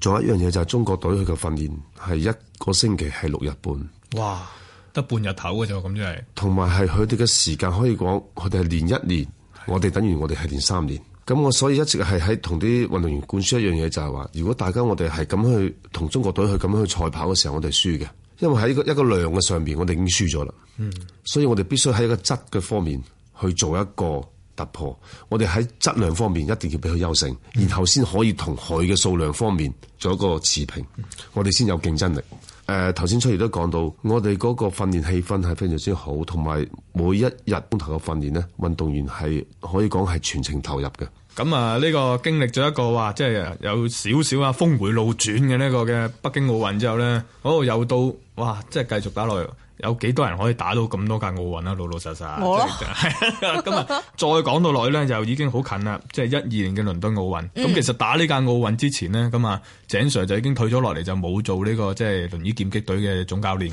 仲有一樣嘢就係、是、中國隊佢嘅訓練係一個星期係六日半，哇！得半日頭嘅啫，咁即係。同埋係佢哋嘅時間，可以講佢哋係練一年，我哋等於我哋係練三年。咁我所以一直係喺同啲運動員灌輸一樣嘢，就係話，如果大家我哋係咁去同中國隊去咁樣去賽跑嘅時候，我哋輸嘅，因為喺一個一個量嘅上邊，我哋已經輸咗啦。嗯，所以我哋必須喺一個質嘅方面去做一個突破。我哋喺質量方面一定要俾佢優勝，然後先可以同佢嘅數量方面做一個持平，我哋先有競爭力。誒頭先出嚟都講到，我哋嗰個訓練氣氛係非常之好，同埋每一日鐘頭嘅訓練，呢運動員係可以講係全程投入嘅。咁啊，呢個經歷咗一個話，即係有少少啊峰回路轉嘅呢個嘅北京奧運之後咧，度又到哇，即係繼續打落去。有幾多人可以打到咁多屆奧運啊？老老實實，我咯。咁啊， 再講到落去咧，就已經好近啦。即係一二年嘅倫敦奧運。咁、嗯、其實打呢屆奧運之前咧，咁啊井 Sir 就已經退咗落嚟，就冇做呢、這個即係輪椅劍擊隊嘅總教練。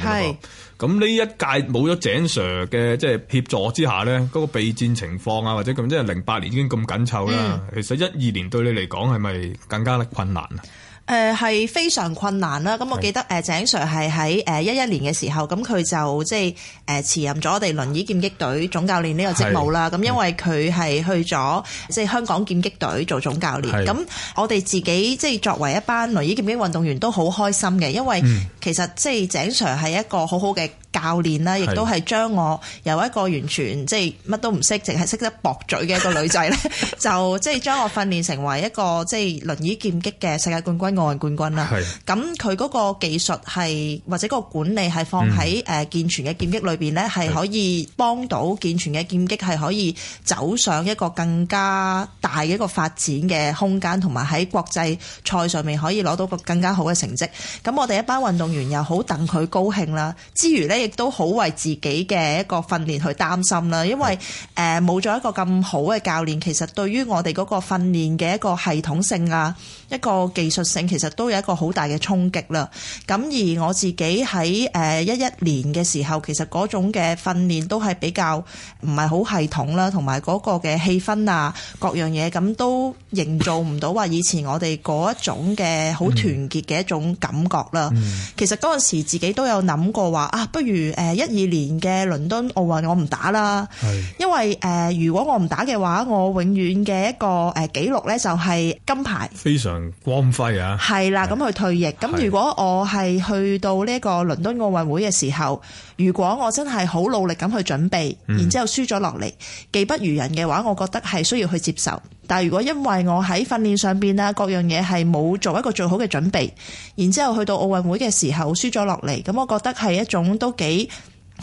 咁呢一屆冇咗井 Sir 嘅即係協助之下咧，嗰、那個備戰情況啊，或者咁，即係零八年已經咁緊湊啦。嗯、其實一二年對你嚟講係咪更加困難啊？誒、呃、係非常困難啦，咁我記得誒井 Sir 係喺誒一一年嘅時候，咁佢就即係誒辭任咗我哋輪椅劍擊隊總教練呢個職務啦。咁因為佢係去咗即係香港劍擊隊做總教練，咁我哋自己即係作為一班輪椅劍擊運動員都好開心嘅，因為其實即係井 Sir 係一個好好嘅。教練啦，亦都係將我由一個完全即係乜都唔識，淨係識得駁嘴嘅一個女仔咧， 就即係將我訓練成為一個即係輪椅劍擊嘅世界冠軍、奧運冠軍啦。係啊，咁佢嗰個技術係或者個管理係放喺誒健全嘅劍擊裏邊咧，係、嗯、可以幫到健全嘅劍擊係可以走上一個更加大嘅一個發展嘅空間，同埋喺國際賽上面可以攞到個更加好嘅成績。咁我哋一班運動員又好等佢高興啦，之餘咧。亦都好為自己嘅一個訓練去擔心啦，因為誒冇咗一個咁好嘅教練，其實對於我哋嗰個訓練嘅一個系統性啊，一個技術性，其實都有一個好大嘅衝擊啦。咁而我自己喺誒一一年嘅時候，其實嗰種嘅訓練都係比較唔係好系統啦，同埋嗰個嘅氣氛啊，各樣嘢咁都營造唔到話以前我哋嗰一種嘅好團結嘅一種感覺啦、嗯。其實嗰陣時自己都有諗過話啊，不如。如誒一二年嘅倫敦奧運我唔打啦，係因為誒如果我唔打嘅話，我永遠嘅一個誒紀錄咧，就係金牌，非常光輝啊。係啦，咁去退役。咁如果我係去到呢個倫敦奧運會嘅時候，如果我真係好努力咁去準備，然之後輸咗落嚟，技、嗯、不如人嘅話，我覺得係需要去接受。但係如果因為我喺訓練上邊啊各樣嘢係冇做一個最好嘅準備，然之後去到奧運會嘅時候輸咗落嚟，咁我覺得係一種都幾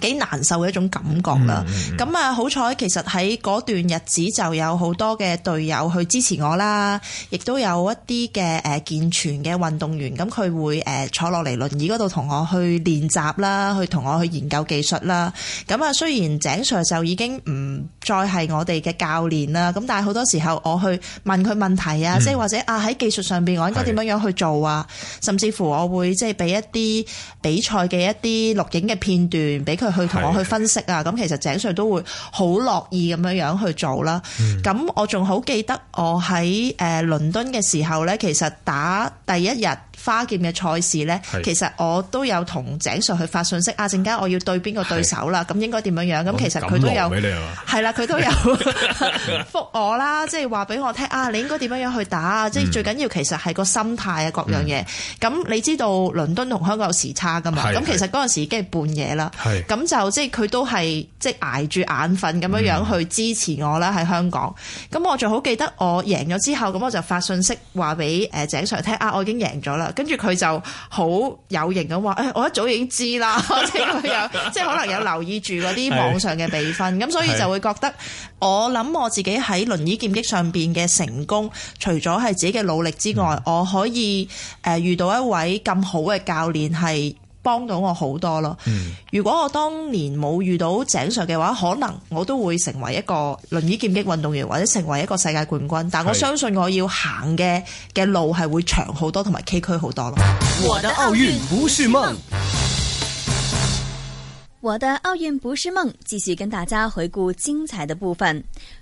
幾難受嘅一種感覺啦，咁、嗯、啊、嗯、好彩，其實喺嗰段日子就有好多嘅隊友去支持我啦，亦都有一啲嘅誒健全嘅運動員，咁佢會誒坐落嚟輪椅嗰度同我去練習啦，去同我去研究技術啦。咁啊雖然井 Sir 就已經唔再係我哋嘅教練啦，咁但係好多時候我去問佢問題啊，即、嗯、係或者啊喺技術上邊我應該點樣樣去做啊，甚至乎我會即係俾一啲比賽嘅一啲錄影嘅片段俾。佢去同我去分析啊，咁其實井 Sir 都會好樂意咁樣樣去做啦。咁、嗯、我仲好記得我喺誒倫敦嘅時候咧，其實打第一日花劍嘅賽事咧，其實我都有同井 Sir 去發信息啊，陣間我要對邊個對手啦？咁應該點樣樣？咁其實佢都有，係啦，佢都有覆 我啦，即係話俾我聽啊，你應該點樣樣去打？嗯、即係最緊要其實係個心態啊，各樣嘢。咁、嗯、你知道倫敦同香港有時差噶嘛？咁其實嗰陣時已經係半夜啦。咁就即係佢都係即係捱住眼瞓咁樣樣去支持我啦喺香港。咁、嗯、我仲好記得我贏咗之後，咁我就發信息話俾誒井 Sir 聽啊，我已經贏咗啦。跟住佢就好有型咁話誒、哎、我一早已經知啦， 即係可能有留意住嗰啲網上嘅比分，咁所以就會覺得，我諗我自己喺輪椅劍擊上邊嘅成功，除咗係自己嘅努力之外，嗯、我可以誒遇到一位咁好嘅教練係。幫到我好多咯！如果我當年冇遇到井上嘅話，可能我都會成為一個輪椅劍擊運動員，或者成為一個世界冠軍。但我相信我要行嘅嘅路係會長好多，同埋崎嶇好多咯。我的奧運不是夢，我的奧運不是夢，繼續跟大家回顧精彩的部分。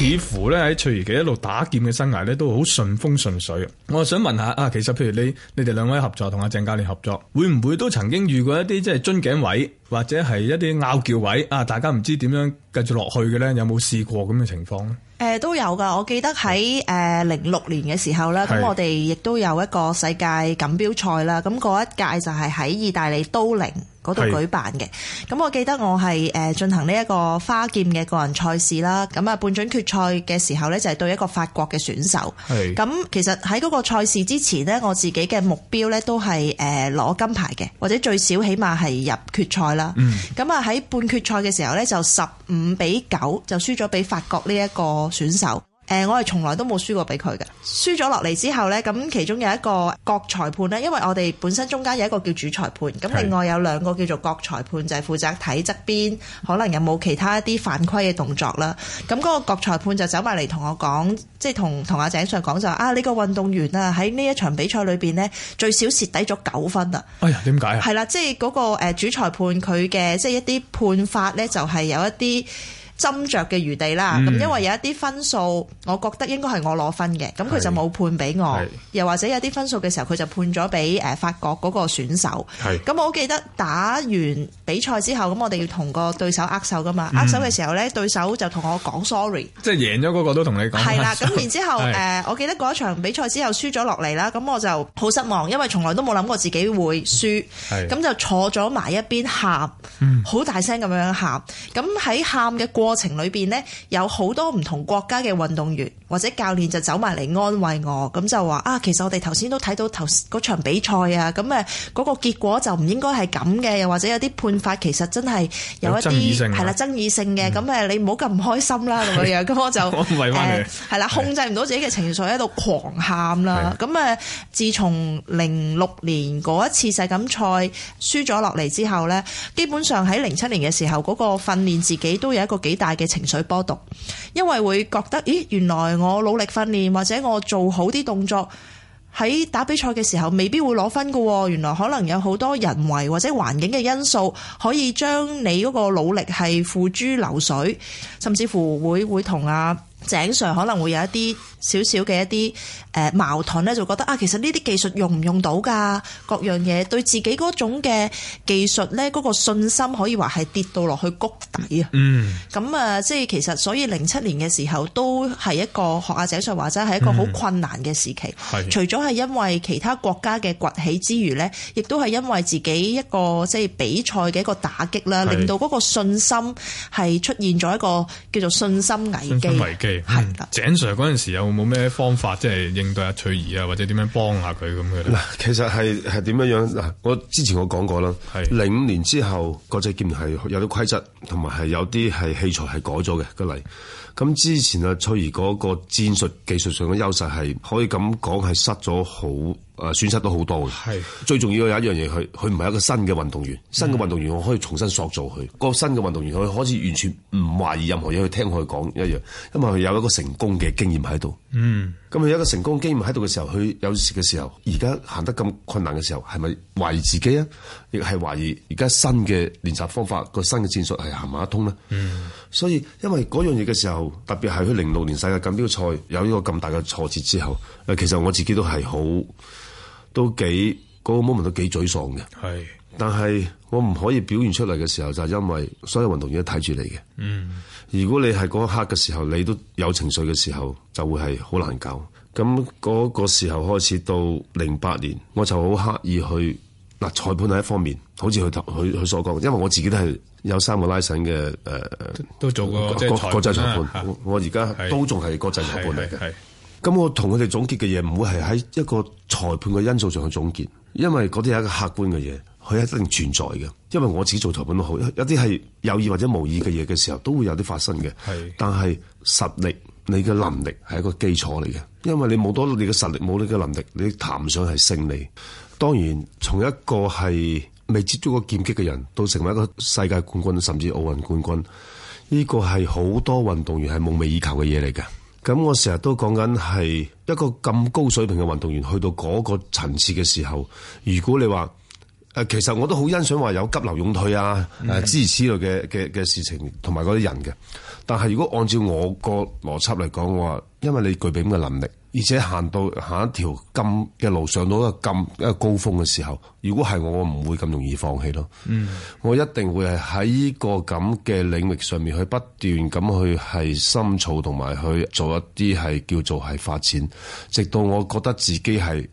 似乎咧喺翠怡嘅一路打劍嘅生涯咧，都好順風順水。我想問下啊，其實譬如你你哋兩位合作同阿鄭教練合作，會唔會都曾經遇過一啲即係樽頸位或者係一啲拗撬位啊？大家唔知點樣繼續落去嘅咧，有冇試過咁嘅情況咧？誒、呃，都有噶。我記得喺誒零六年嘅時候咧，咁我哋亦都有一個世界錦標賽啦。咁嗰一屆就係喺意大利都靈。嗰度舉辦嘅，咁我記得我係誒進行呢一個花劍嘅個人賽事啦，咁啊半準決賽嘅時候呢，就係對一個法國嘅選手，咁其實喺嗰個賽事之前呢，我自己嘅目標呢都係誒攞金牌嘅，或者最少起碼係入決賽啦。咁啊喺半決賽嘅時候呢，就十五比九就輸咗俾法國呢一個選手。誒，我係從來都冇輸過俾佢嘅。輸咗落嚟之後呢，咁其中有一個國裁判呢，因為我哋本身中間有一個叫主裁判，咁另外有兩個叫做國裁判，就係、是、負責睇側邊，可能有冇其他一啲犯規嘅動作啦。咁、那、嗰個國裁判就走埋嚟同我講，即係同同阿井上講就話啊，呢個運動員啊，喺呢一場比賽裏面呢，最少蝕底咗九分啊！哎呀，點解啊？係啦，即係嗰個主裁判佢嘅即係一啲判法呢，就係有一啲斟酌嘅餘地啦，咁、嗯、因為有一啲分數我覺得應該係我攞分嘅，咁佢就冇判俾我。又或者有啲分數嘅時候，佢就判咗俾誒法國嗰個選手。咁我記得打完比賽之後，咁我哋要同個對手握手噶嘛、嗯，握手嘅時候咧，對手就同我講 sorry，即係贏咗嗰個都同你講，係啦，咁然之後誒、呃、我記得嗰一場比賽之後輸咗落嚟啦，咁我就好失望，因為從來都冇諗過自己會輸，咁就坐咗埋一邊喊，好大聲咁樣喊。咁喺喊嘅過。過程裏邊咧，有好多唔同國家嘅運動員或者教練就走埋嚟，安慰我，咁就話啊，其實我哋頭先都睇到頭嗰場比賽啊，咁誒嗰個結果就唔應該係咁嘅，又或者有啲判法其實真係有一啲係啦，爭議性嘅，咁誒你唔好咁唔開心啦咁樣，咁我就係啦，控制唔到自己嘅情緒喺度狂喊啦，咁誒自從零六年嗰一次世錦賽輸咗落嚟之後咧，基本上喺零七年嘅時候嗰個訓練自己都有一個幾大嘅情緒波動，因為會覺得，咦，原來我努力訓練或者我做好啲動作，喺打比賽嘅時候未必會攞分㗎。原來可能有好多人為或者環境嘅因素，可以將你嗰個努力係付諸流水，甚至乎會會同阿井上可能會有一啲少少嘅一啲。誒，矛盾咧就覺得啊，其實呢啲技術用唔用到噶？各樣嘢對自己嗰種嘅技術咧，嗰個信心可以話係跌到落去谷底啊。嗯。咁啊，即係其實所以零七年嘅時候都係一個學阿井 Sir 話齋係一個好困難嘅時期。係。除咗係因為其他國家嘅崛起之餘咧，亦都係因為自己一個即係比賽嘅一個打擊啦，令到嗰個信心係出現咗一個叫做信心危機。危機係。井 Sir 嗰陣時有冇咩方法即係？令到阿翠怡啊，或者點樣幫下佢咁嘅，嗱，其實係係點樣樣？嗱，我之前我講過啦，係零五年之後國際劍聯係有啲規則，同埋係有啲係器材係改咗嘅、個例。咁之前啊，翠兒嗰個戰術技術上嘅優勢係可以咁講，係失咗好誒，損失咗好多嘅。係最重要嘅有一樣嘢，佢佢唔係一個新嘅運動員，新嘅運動員我可以重新塑造佢，嗯那個新嘅運動員。佢可以完全唔懷疑任何嘢，去聽我講一樣，因為佢有一個成功嘅經驗喺度。嗯，咁佢有一個成功經驗喺度嘅時候，佢有時嘅時候而家行得咁困難嘅時候，係咪懷疑自己啊？亦係懷疑而家新嘅練習方法，個新嘅戰術係行唔行得通啦、嗯？所以因為嗰樣嘢嘅時候，特別係佢零六年世界錦標賽有呢個咁大嘅挫折之後，誒其實我自己都係好都幾嗰、嗰個 moment 都幾沮喪嘅。係，但係我唔可以表現出嚟嘅時候，就係、因為所有運動員都睇住你嘅。嗯，如果你係嗰一刻嘅時候，你都有情緒嘅時候，就會係好難搞。咁嗰個時候開始到零八年，我就好刻意去。嗱，裁判係一方面，好似佢佢佢所講，因為我自己都係有三個拉 i 嘅、呃、都做過國際裁判。啊、我而家都仲係國際裁判嚟嘅。咁我同佢哋總結嘅嘢，唔會係喺一個裁判嘅因素上去總結，因為嗰啲係一個客觀嘅嘢，佢一定存在嘅。因為我自己做裁判都好，有啲係有意或者無意嘅嘢嘅時候，都會有啲發生嘅。但係實力，你嘅能力係一個基礎嚟嘅，因為你冇多，你嘅實力冇你嘅能力，你談上係勝利。當然，從一個係未接觸過劍擊嘅人，到成為一個世界冠軍甚至奧運冠軍，呢個係好多運動員係夢寐以求嘅嘢嚟嘅。咁我成日都講緊係一個咁高水平嘅運動員去到嗰個層次嘅時候，如果你話誒，其實我都好欣賞話有急流勇退啊，諸如此類嘅嘅嘅事情同埋嗰啲人嘅。但係如果按照我個邏輯嚟講，我話因為你具備咁嘅能力。而且行到行一條咁嘅路上，上到啊咁一個高峰嘅時候，如果係我，我唔會咁容易放棄咯。嗯，我一定會係喺呢個咁嘅領域上面去不斷咁去係深造同埋去做一啲係叫做係發展，直到我覺得自己係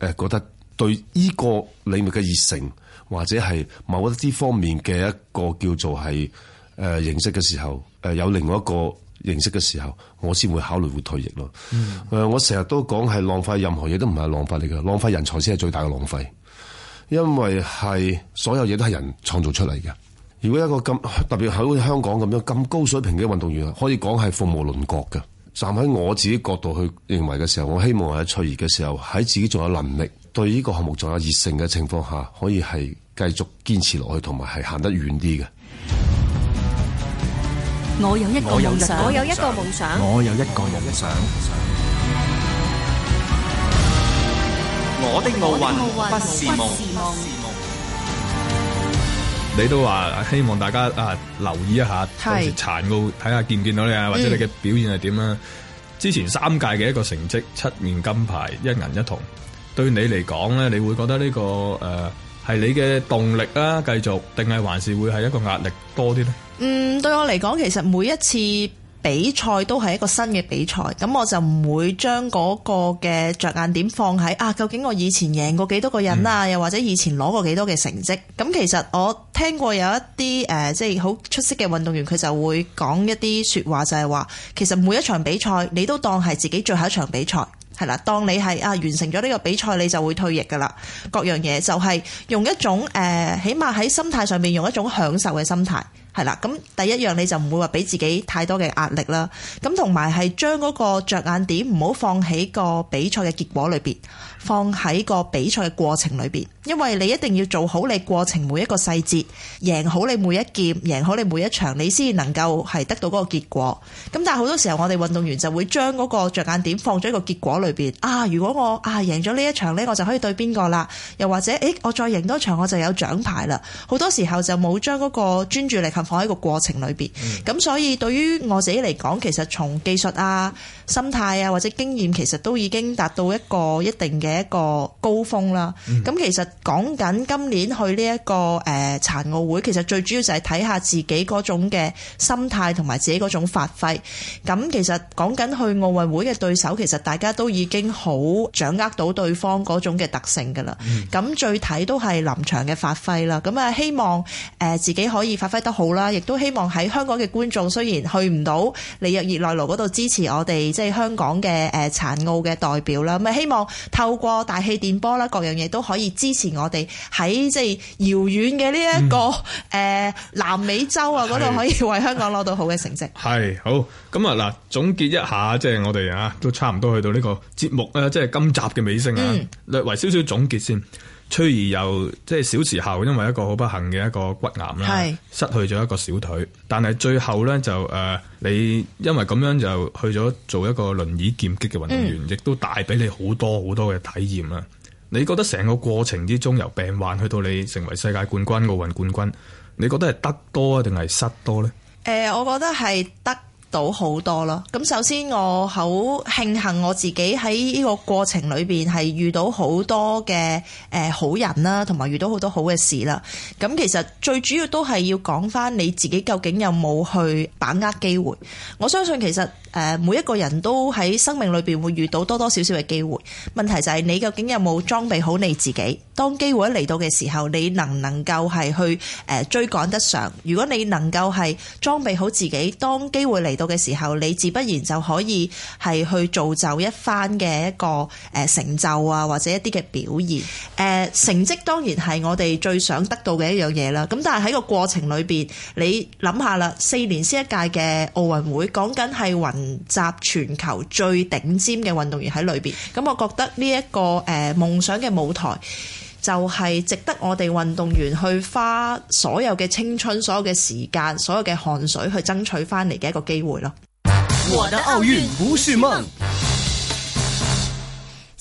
誒覺得對呢個領域嘅熱誠，或者係某一啲方面嘅一個叫做係誒認識嘅時候，誒、呃、有另外一個認識嘅時候，我先會考慮會退役咯、嗯呃。我成日都講係浪費，任何嘢都唔係浪費嚟嘅。浪費人才先係最大嘅浪費，因為係所有嘢都係人創造出嚟嘅。如果一個咁特別喺香港咁樣咁高水平嘅運動員，可以講係鳳毛麟角嘅。站喺我自己角度去認為嘅時候，我希望喺退役嘅時候，喺自己仲有能力、對呢個項目仲有熱誠嘅情況下，可以係繼續堅持落去，同埋係行得遠啲嘅。我有一個夢想，我有一個夢想，我有一個人嘅想，想，想。我的奧運，我的奧運不是夢，不是夢，不是夢。你都話希望大家啊留意一下，到時殘奧睇下見唔見到你啊，或者你嘅表現係點啊？之前三屆嘅一個成績，七面金牌，一銀一銅，對你嚟講咧，你會覺得呢、呢個誒係、呃、你嘅動力啊，繼續定係還是會係一個壓力多啲呢？嗯，對我嚟講，其實每一次比賽都係一個新嘅比賽。咁我就唔會將嗰個嘅着眼點放喺啊，究竟我以前贏過幾多個人啊，嗯，又或者以前攞過幾多嘅成績？咁其實我聽過有一啲誒，即係好出色嘅運動員，佢就會講一啲說話就說，就係話其實每一場比賽你都當係自己最後一場比賽係啦，當你係啊完成咗呢個比賽，你就會退役噶啦。各樣嘢就係、是、用一種誒、呃，起碼喺心態上面，用一種享受嘅心態。係啦，咁第一樣你就唔會話俾自己太多嘅壓力啦。咁同埋係將嗰個着眼點唔好放喺個比賽嘅結果裏面，放喺個比賽嘅過程裏面。因為你一定要做好你過程每一個細節，贏好你每一劍，贏好你每一場，你先能夠係得到嗰個結果。咁但係好多時候我哋運動員就會將嗰個着眼點放咗喺個結果裏面。啊！如果我啊贏咗呢一場呢，我就可以對邊個啦？又或者誒、欸，我再贏多場我就有獎牌啦。好多時候就冇將嗰個專注力。放喺個過程裏邊，咁所以對於我自己嚟講，其實從技術啊、心態啊或者經驗，其實都已經達到一個一定嘅一個高峰啦。咁其實講緊今年去呢一個誒殘奧會，其實最主要就係睇下自己嗰種嘅心態同埋自己嗰種發揮。咁其實講緊去奧運會嘅對手，其實大家都已經好掌握到對方嗰種嘅特性噶啦。咁最睇都係臨場嘅發揮啦。咁啊，希望誒自己可以發揮得好。啦，亦都希望喺香港嘅觀眾，雖然去唔到里約熱內盧嗰度支持我哋，即係香港嘅誒殘奧嘅代表啦，咁啊希望透過大氣電波啦，各樣嘢都可以支持我哋喺即係遙遠嘅呢一個誒、嗯、南美洲啊嗰度，可以為香港攞到好嘅成績。係好，咁啊嗱，總結一下，即係我哋啊都差唔多去到呢個節目咧，即係今集嘅尾聲啊、嗯，略為少少總結先。翠怡由即係小時候，因為一個好不幸嘅一個骨癌啦，失去咗一個小腿。但係最後咧就誒、呃，你因為咁樣就去咗做一個輪椅劍擊嘅運動員，嗯、亦都帶俾你好多好多嘅體驗啦。你覺得成個過程之中，由病患去到你成為世界冠軍、奧運冠軍，你覺得係得多啊，定係失多咧？誒、呃，我覺得係得。到好多咯，咁首先我好慶幸我自己喺呢個過程裏邊係遇到好多嘅，誒好人啦，同埋遇到好多好嘅事啦。咁其實最主要都係要講翻你自己究竟有冇去把握機會。我相信其實誒每一個人都喺生命裏邊會遇到多多少少嘅機會，問題就係你究竟有冇裝備好你自己。當機會嚟到嘅時候，你能唔能夠係去追趕得上？如果你能夠係裝備好自己，當機會嚟到嘅時候，你自不然就可以係去造就一番嘅一個成就啊，或者一啲嘅表現、呃。成績當然係我哋最想得到嘅一樣嘢啦。咁但係喺個過程裏面，你諗下啦，四年先一屆嘅奧運會，講緊係雲集全球最頂尖嘅運動員喺裏面。咁我覺得呢、這、一個、呃、夢想嘅舞台。就係、是、值得我哋運動員去花所有嘅青春、所有嘅時間、所有嘅汗水去爭取翻嚟嘅一個機會咯。我的奧運不是夢。